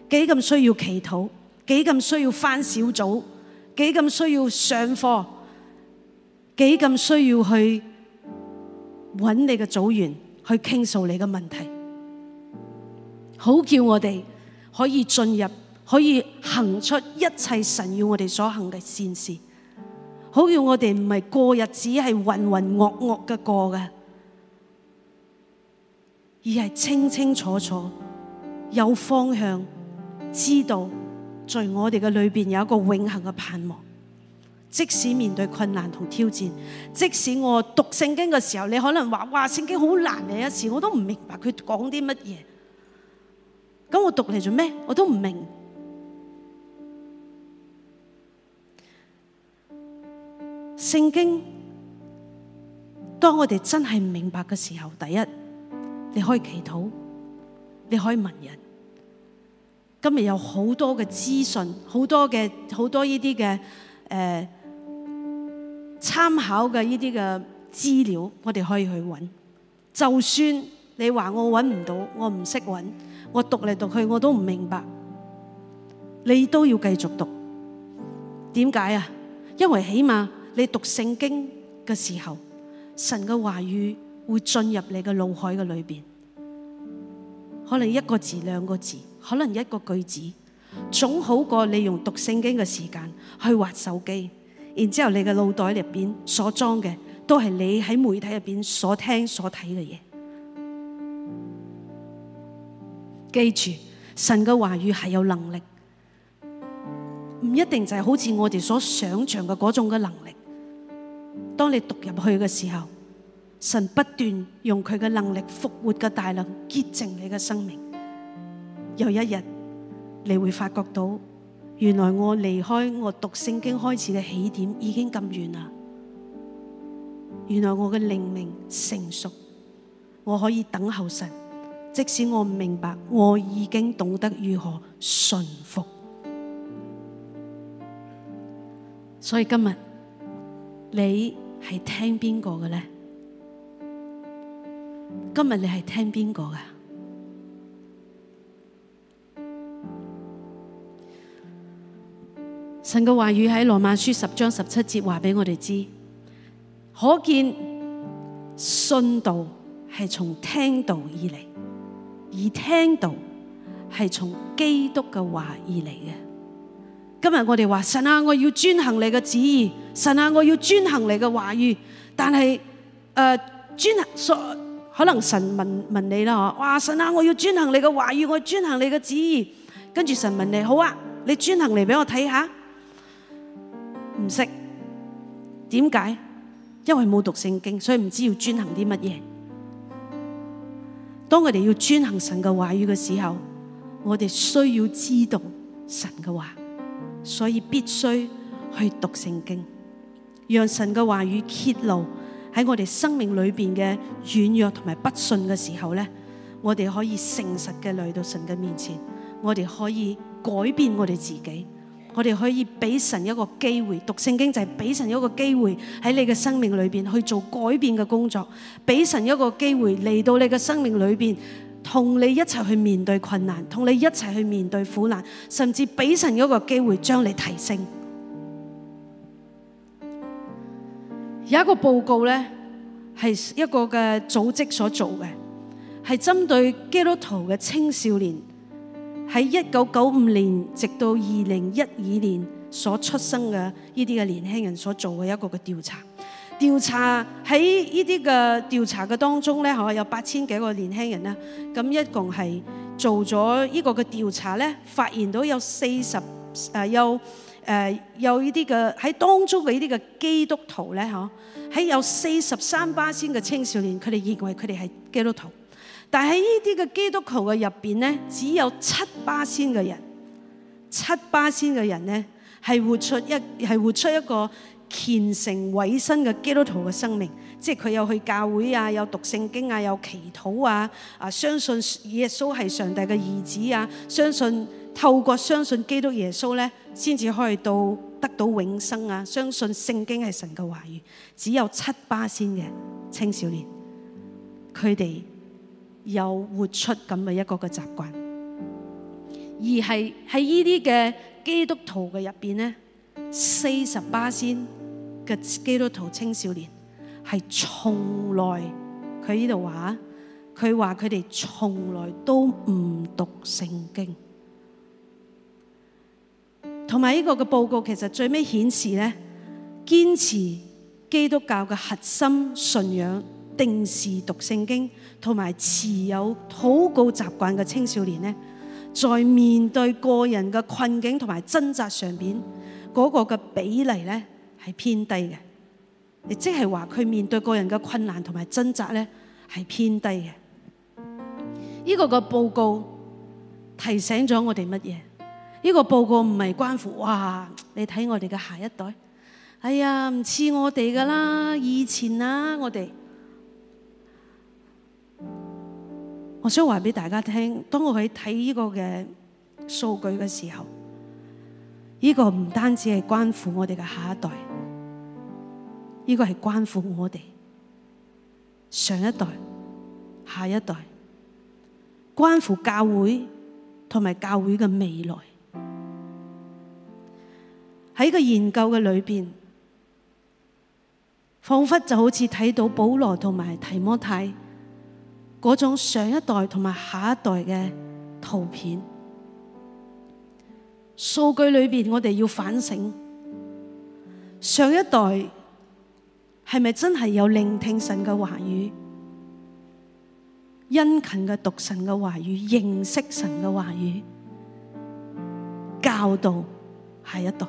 幾咁需要祈禱，幾咁需要返小組，幾咁需要上課，幾咁需要去搵你嘅組員去傾訴你嘅問題，好叫我哋可以進入，可以行出一切神要我哋所行嘅善事，好叫我哋唔係過日子係渾渾噩噩嘅過嘅。而係清清楚楚，有方向，知道在我哋嘅裏邊有一個永恆嘅盼望。即使面對困難同挑戰，即使我讀聖經嘅時候，你可能話，哇，聖經好難嘅，一次我都唔明白佢講啲乜嘢。咁我讀嚟做咩？我都唔明。聖經，當我哋真係唔明白嘅時候，第一。你可以祈禱，你可以問人。今日有好多嘅資訊，好多嘅好多呢啲嘅誒，參考嘅呢啲嘅資料，我哋可以去揾。就算你話我揾唔到，我唔識揾，我讀嚟讀去我都唔明白，你都要繼續讀。點解啊？因為起碼你讀聖經嘅時候，神嘅話語。會進入你嘅腦海嘅裏邊，可能一個字、兩個字，可能一個句子，總好過你用讀聖經嘅時間去畫手機。然之後你嘅腦袋入邊所裝嘅，都係你喺媒體入邊所聽所睇嘅嘢。記住，神嘅話語係有能力，唔一定就係好似我哋所想象嘅嗰種嘅能力。當你讀入去嘅時候。神不斷用佢嘅能力復活嘅大能潔淨你嘅生命。有一日，你會發覺到原來我離開我讀聖經開始嘅起點已經咁遠啦。原來我嘅靈命成熟，我可以等候神，即使我唔明白，我已經懂得如何順服。所以今日你係聽邊個嘅呢？今日你係聽邊個噶？神嘅話語喺羅馬書十章十七節話俾我哋知，可見信道係從聽道而嚟，而聽道係從基督嘅話而嚟嘅。今日我哋話神啊，我要遵行你嘅旨意，神啊，我要遵行你嘅話語，但係誒，遵、呃、行所可能神問問你啦，哇，神啊，我要遵行你嘅話語，我要遵行你嘅旨意。跟住神問你，好啊，你遵行嚟俾我睇下。唔識，點解？因為冇讀聖經，所以唔知要遵行啲乜嘢。當我哋要遵行神嘅話語嘅時候，我哋需要知道神嘅話，所以必須去讀聖經，讓神嘅話語揭露。喺我哋生命裏邊嘅軟弱同埋不信嘅時候呢，我哋可以誠實嘅來到神嘅面前，我哋可以改變我哋自己，我哋可以俾神一個機會，讀聖經就係俾神一個機會喺你嘅生命裏邊去做改變嘅工作，俾神一個機會嚟到你嘅生命裏邊同你一齊去面對困難，同你一齊去面對苦難，甚至俾神一個機會將你提升。有一個報告咧，係一個嘅組織所做嘅，係針對基督徒嘅青少年喺一九九五年直到二零一二年所出生嘅呢啲嘅年輕人所做嘅一個嘅調查。調查喺呢啲嘅調查嘅當中咧，嚇有八千幾個年輕人啦，咁一共係做咗呢個嘅調查咧，發現到有四十啊有。誒有呢啲嘅喺當中嘅呢啲嘅基督徒咧，嗬喺有四十三巴仙嘅青少年，佢哋認為佢哋係基督徒，但係呢啲嘅基督徒嘅入邊咧，只有七巴仙嘅人，七巴仙嘅人咧係活出一係活出一個虔誠委身嘅基督徒嘅生命，即係佢有去教會啊，有讀聖經啊，有祈禱啊，啊相信耶穌係上帝嘅兒子啊，相信。透過相信基督耶穌咧，先至可以到得到永生啊！相信聖經係神嘅話語，只有七巴仙嘅青少年，佢哋有活出咁嘅一個嘅習慣。而係喺呢啲嘅基督徒嘅入邊咧，四十巴仙嘅基督徒青少年係從來佢呢度話，佢話佢哋從來都唔讀聖經。同埋呢個嘅報告其實最尾顯示呢，堅持基督教嘅核心信仰，定時讀聖經同埋持有禱告習慣嘅青少年呢，在面對個人嘅困境同埋掙扎上邊，嗰個嘅比例呢係偏低嘅，亦即係話佢面對個人嘅困難同埋掙扎呢係偏低嘅。呢個嘅報告提醒咗我哋乜嘢？呢個報告唔係關乎哇！你睇我哋嘅下一代，哎呀唔似我哋噶啦，以前啊我哋，我想話俾大家聽，當我喺睇呢個嘅數據嘅時候，呢個唔單止係關乎我哋嘅下一代，呢個係關乎我哋上一代、下一代，關乎教會同埋教會嘅未來。喺個研究嘅裏邊，仿佛就好似睇到保羅同埋提摩太嗰種上一代同埋下一代嘅圖片，數據裏邊，我哋要反省上一代係咪真係有聆聽神嘅話語，殷勤嘅讀神嘅話語，認識神嘅話語，教導下一代。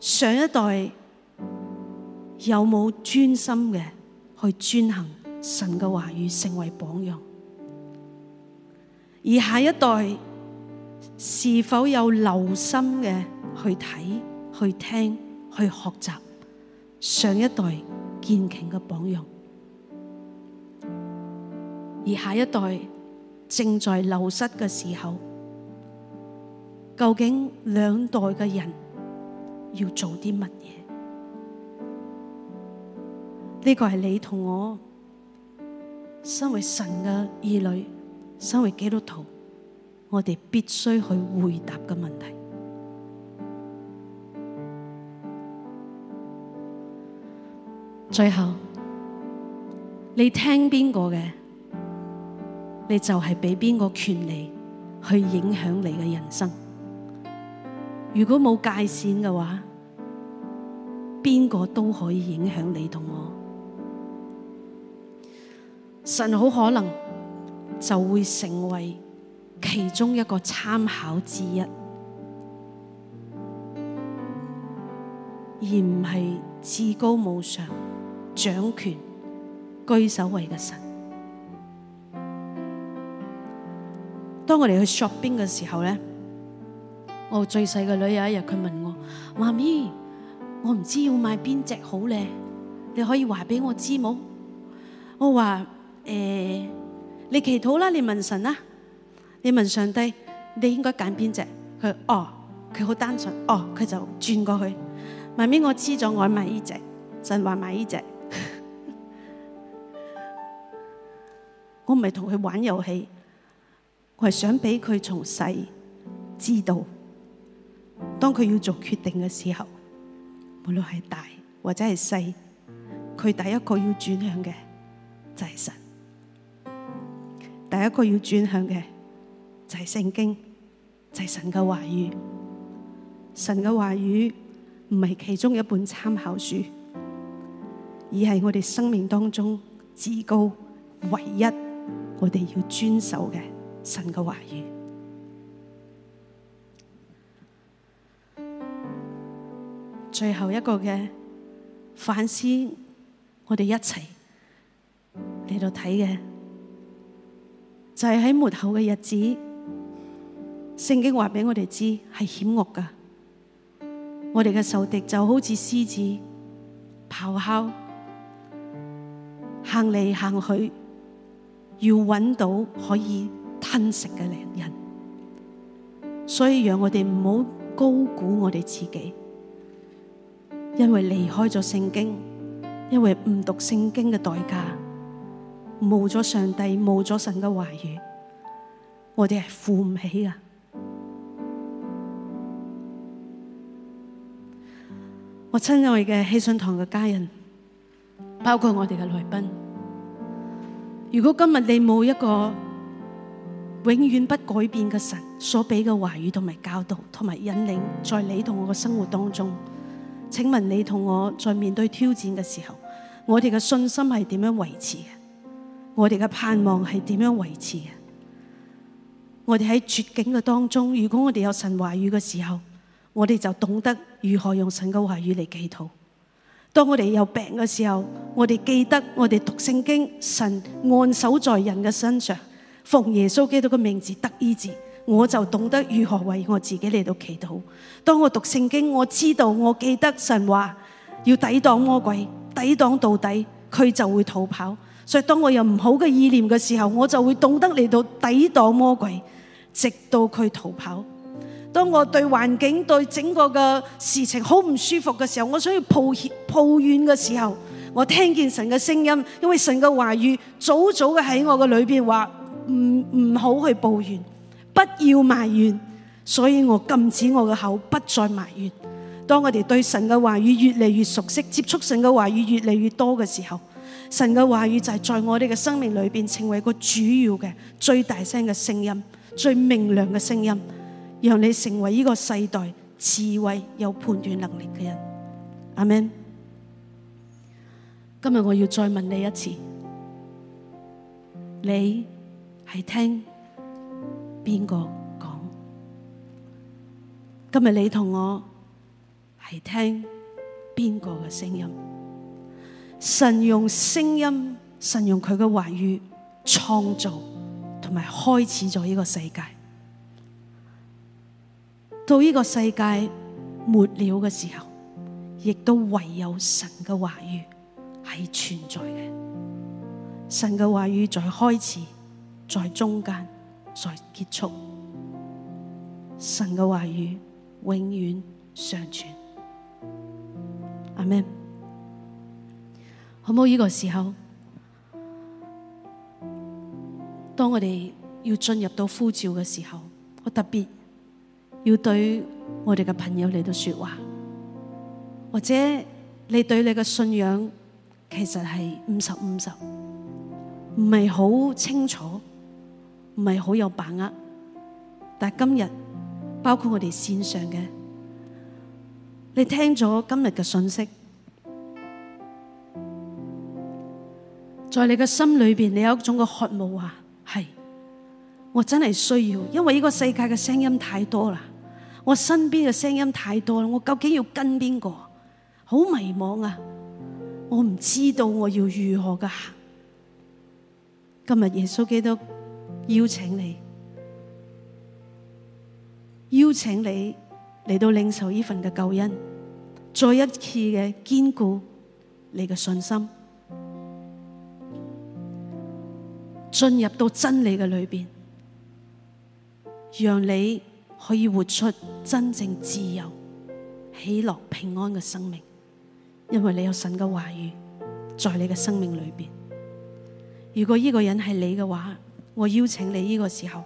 上一代有冇專心嘅去遵行神嘅話語，成為榜樣？而下一代是否有留心嘅去睇、去聽、去學習上一代堅強嘅榜樣？而下一代正在流失嘅時候，究竟兩代嘅人？要做啲乜嘢？呢個係你同我身為神嘅兒女，身為基督徒，我哋必須去回答嘅問題。最後，你聽邊個嘅，你就係俾邊個權利去影響你嘅人生。如果冇界限嘅話，邊個都可以影響你同我。神好可能就會成為其中一個參考之一，而唔是至高無上、掌權、居首位嘅神。當我哋去 shopping 時候呢？我最細的女有一日佢問我媽咪，我唔知要買邊隻好呢，你可以話俾我知冇？我話、呃、你祈禱啦，你問神啦，你問上帝，你應該揀邊隻？佢哦，佢好單純哦，佢就轉過去。媽咪，我知咗我買呢隻，神話買呢隻。 <laughs> 我唔係同佢玩遊戲，我係想畀佢從細知道。當佢要做決定嘅時候，無論係大或者係細，佢第一個要轉向嘅就係神，第一個要轉向嘅就係聖經，就係神嘅話語。神嘅話語唔係其中一本參考書，而係我哋生命當中至高唯一我哋要遵守嘅神嘅話語。最後一個嘅反思，我哋一齊嚟到睇嘅，就係喺末後嘅日子，聖經話俾我哋知係險惡㗎。我哋嘅仇敵就好似獅子咆哮行嚟行去，要搵到可以吞食嘅人。所以讓我哋唔好高估我哋自己。因為離開咗聖經，因為誤讀聖經嘅代價，冇咗上帝，冇咗神嘅話語，我哋係負唔起㗎！我親愛嘅禧信堂嘅家人，包括我哋嘅來賓，如果今日你冇一個永遠不改變嘅神所俾嘅話語同埋教導同埋引領，在你同我嘅生活當中。請問你同我在面對挑戰嘅時候，我哋嘅信心係點樣維持嘅？我哋嘅盼望係點樣維持嘅？我哋喺絕境嘅當中，如果我哋有神話語嘅時候，我哋就懂得如何用神嘅話語嚟祈禱。當我哋有病嘅時候，我哋記得我哋讀聖經，神按手在人嘅身上，奉耶穌基督嘅名字，得醫治。我就懂得如何為我自己嚟到祈禱。當我讀聖經，我知道我記得神話要抵擋魔鬼，抵擋到底，佢就會逃跑。所以當我有唔好嘅意念嘅時候，我就會懂得嚟到抵擋魔鬼，直到佢逃跑。當我對環境，對整個嘅事情好唔舒服嘅時候，我想要抱抱怨嘅時候，我聽見神嘅聲音，因為神嘅話語早早嘅喺我嘅裏面話，唔唔好去抱怨。不要埋怨，所以我禁止我嘅口不再埋怨。當我哋對神嘅話語越嚟越熟悉，接觸神嘅話語越嚟越多嘅時候，神嘅話語就係在我哋嘅生命裏邊成為一個主要嘅最大聲嘅聲音，最明亮嘅聲音，讓你成為呢個世代智慧有判斷能力嘅人。阿門。今日我要再問你一次，你係聽？邊個講？今日你同我係聽邊個嘅聲音？神用聲音，神用佢嘅話語創造，同埋開始咗呢個世界。到呢個世界末了嘅時候，亦都唯有神嘅話語係存在嘅。神嘅話語在開始，在中間。在結束，神嘅話語永遠常存。阿門。好冇，呢個時候，當我哋要進入到呼召的時候，我特別要對我哋嘅朋友嚟到說話，或者你對你嘅信仰其實係五十五十，唔係好清楚。唔係好有把握，但係今日包括我哋線上嘅，你聽咗今日嘅信息，在你嘅心裏邊，你有一種嘅渴望啊！係我真係需要，因為呢個世界嘅聲音太多啦，我身邊嘅聲音太多啦，我究竟要跟邊個？好迷茫啊！我唔知道我要如何行。今日耶穌基督。邀請你，邀請你嚟到領受呢份嘅救恩，再一次嘅堅固你嘅信心，進入到真理嘅裏邊，讓你可以活出真正自由、喜樂、平安嘅生命。因為你有神嘅話語在你嘅生命裏邊。如果呢個人係你嘅話，我邀請你呢個時候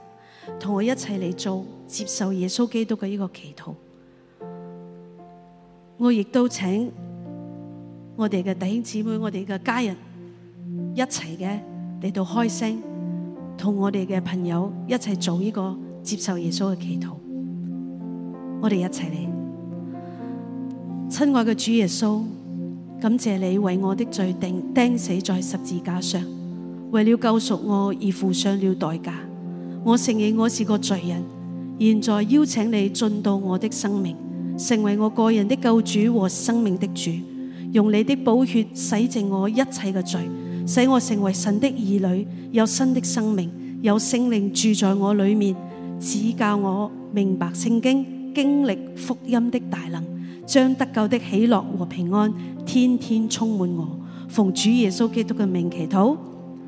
同我一齊嚟，做接受耶穌基督嘅呢個祈禱。我亦都請我哋嘅弟兄姊妹、我哋嘅家人一齊嘅嚟到開聲，同我哋嘅朋友一齊做呢個接受耶穌嘅祈禱。我哋一齊嚟，親愛嘅主耶穌，感謝你為我的罪定釘死在十字架上。為了救贖我而付上了代價，我承認我是個罪人。現在邀請你進到我的生命，成為我個人的救主和生命的主，用你的寶血洗淨我一切嘅罪，使我成為神的兒女，有新的生命，有聖靈住在我裏面，指教我明白聖經，經歷福音的大能，將得救的喜樂和平安天天充滿我。奉主耶穌基督嘅名祈禱。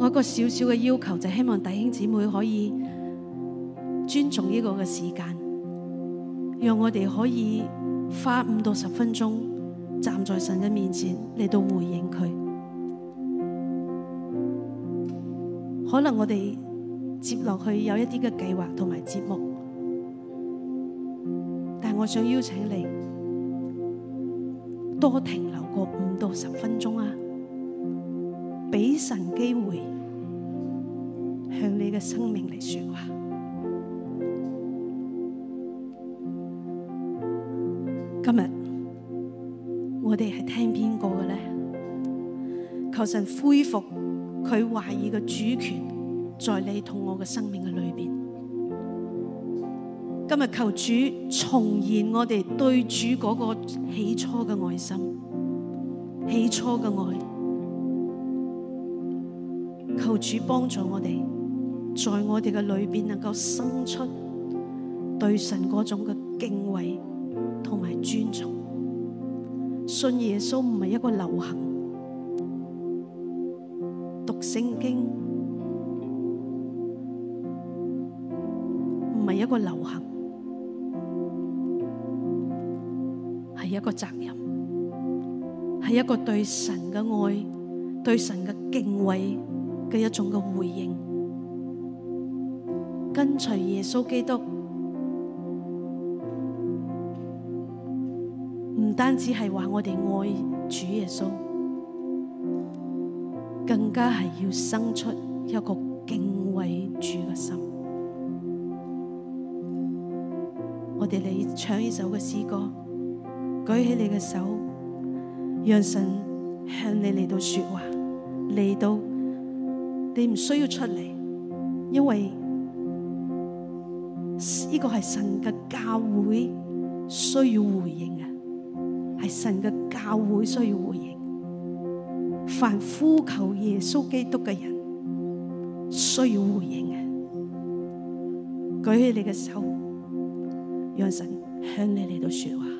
我一個小小嘅要求，就希望弟兄姊妹可以尊重呢個嘅時間，讓我哋可以花五到十分鐘站在神嘅面前嚟到回應佢。可能我哋接落去有一啲嘅計劃同埋節目，但我想邀請你多停留過五到十分鐘啊！俾神機會向你嘅生命嚟說話。今日我哋係聽邊個嘅咧？求神恢復佢懷疑嘅主權，在你同我嘅生命嘅裏邊。今日求主重現我哋對主嗰個起初嘅愛心，起初嘅愛。主幫助我哋，在我哋嘅裏邊能夠生出對神嗰種嘅敬畏同埋尊重。信耶穌唔係一個流行，讀聖經唔係一個流行，係一個責任，係一個對神嘅愛，對神嘅敬畏。嘅一種嘅回應，跟隨耶穌基督，唔單止係話我哋愛主耶穌，更加係要生出一個敬畏主嘅心。我哋嚟唱呢首嘅詩歌，舉起你嘅手，讓神向你嚟到説話，嚟到。你唔需要出嚟，因為呢個係神嘅教會需要回應啊！係神嘅教會需要回應，凡呼求耶穌基督嘅人需要回應嘅，舉起你嘅手，讓神向你嚟到說話。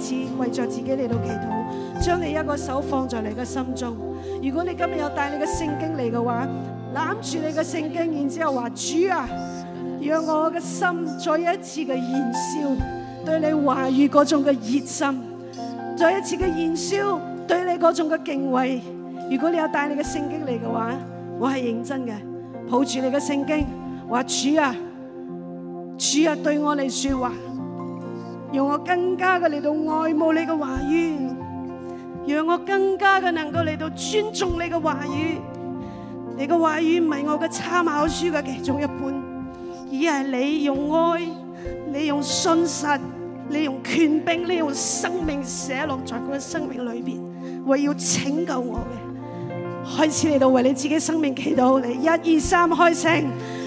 一次為着自己嚟到祈禱，將你一個手放在你嘅心中。如果你今日有帶你嘅聖經嚟嘅話，攬住你嘅聖經，然之後話主啊，讓我嘅心再一次嘅燃燒，對你話語嗰種嘅熱心，再一次嘅燃燒，對你嗰種嘅敬畏。如果你有帶你嘅聖經嚟嘅話，我係認真嘅，抱住你嘅聖經，話主啊，主啊，對我嚟說話。讓我更加嘅嚟到愛慕你嘅話語，讓我更加嘅能夠嚟到尊重你嘅話語。你嘅話語唔係我嘅參考書嘅其中一本，而係你用愛、你用信實、你用權柄、你用生命寫落在佢嘅生命裏邊，為要拯救我嘅。開始嚟到為你自己生命祈禱，嚟一、二、三開聲。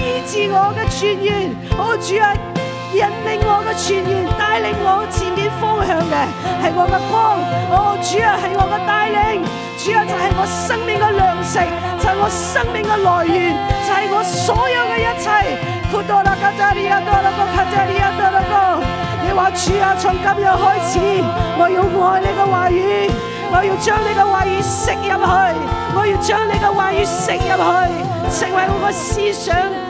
醫治我嘅全員，我主啊引領我嘅全員，帶領我前面方向嘅係我嘅光，我主啊係我嘅帶領，主啊就係我生命嘅糧食，就係、是、我生命嘅來源，就係、是、我所有嘅一切。多羅格卡扎利亞，多羅格卡扎利亞，多羅格。你話主啊，從今日開始，我要愛你嘅話語，我要將你嘅話語食入去，我要將你嘅話語食入去，成為我嘅思想。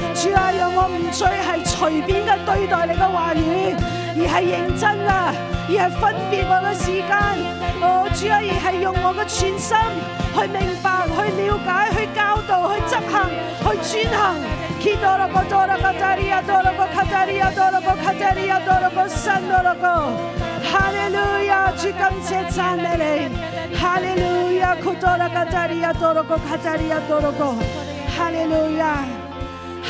主啊，讓我唔再係隨便嘅對待你嘅話語，而係認真啊，而係分別我嘅時間。我、哦、主啊，而係用我嘅全心去明白、去了解、去教導、去執行、去踐行。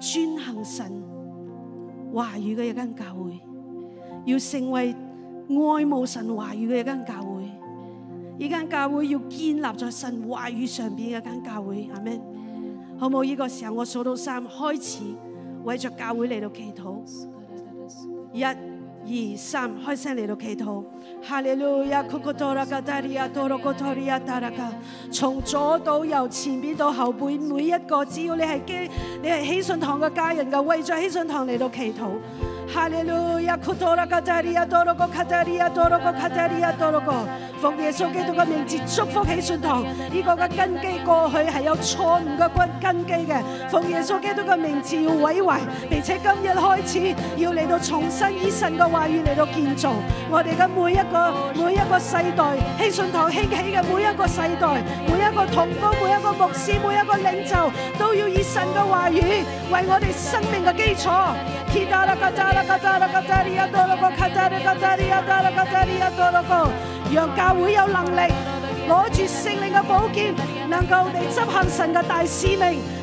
遵行神話語嘅一間教會，要成為愛慕神話語嘅一間教會。呢間教會要建立在神話語上邊嘅一間教會，阿們？好冇？呢、這個時候我數到三，開始為着教會嚟到祈禱。一二三，開聲嚟到祈禱。哈利路亞，庫庫托拉加達，從左到右，前邊到後背，每一個只要你係經，你係禧信堂嘅家人嘅為咗禧信堂嚟到祈禱。哈奉耶穌基督嘅名字祝福禧信堂。呢、這個嘅根基過去係有錯誤嘅根基嘅，奉耶穌基督嘅名字要毀壞，並且今日開始要嚟到重新以神嘅話語嚟到建造我哋嘅每一個每一個世代，禧信堂興起嘅每一個世代，每一個同哥，每一個牧師，每一個領袖，都要以神嘅話語為我哋生命嘅基礎。啦！啦！啦！啦啦啦，讓教會有能力，攞住聖靈嘅寶劍，能夠嚟執行神嘅大使命。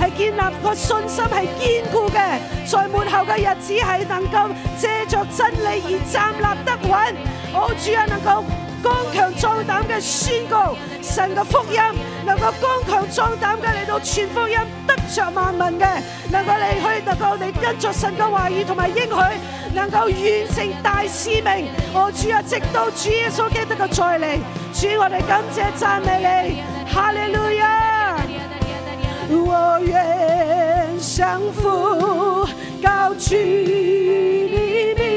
係建立個信心係堅固嘅，在末後嘅日子係能夠藉着真理而站立得穩。我主啊，能夠剛強壯膽嘅宣告神嘅福音，能夠剛強壯膽嘅嚟到傳福音得着萬民嘅，能夠離去，能夠你跟著神嘅話語同埋應許，能夠完成大使命。我主啊，直到主耶穌基督嘅再嚟，主我哋感謝讚美你，哈利路亞。我願相扶，高舉你。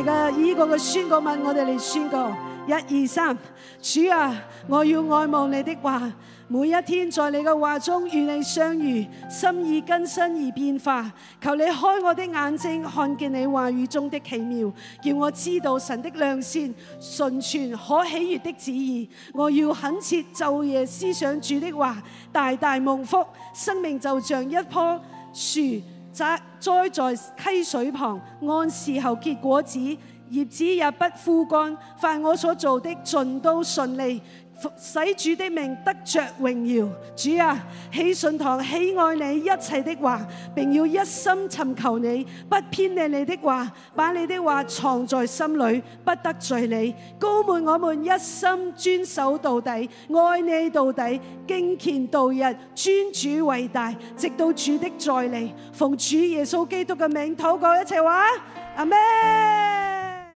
嘅、這、依個嘅宣告問，我哋嚟宣告，一二三，主啊，我要愛慕你的話，每一天在你嘅話中與你相遇，心意更新而變化，求你開我的眼睛，看見你話語中的奇妙，叫我知道神的良善，純全可喜悦的旨意，我要懇切晝夜思想主的話，大大蒙福，生命就像一棵樹。栽栽在溪水旁，按時候結果子，葉子也不枯乾，凡我所做的，盡都順利。使主的名得着榮耀，主啊，喜信堂喜愛你一切的話，並要一心尋求你，不偏離你的話，把你的話藏在心裏，不得罪你。高滿我們一心遵守到底，愛你到底，敬虔度日，尊主為大，直到主的再嚟。奉主耶穌基督嘅名禱告，一齊話，阿門。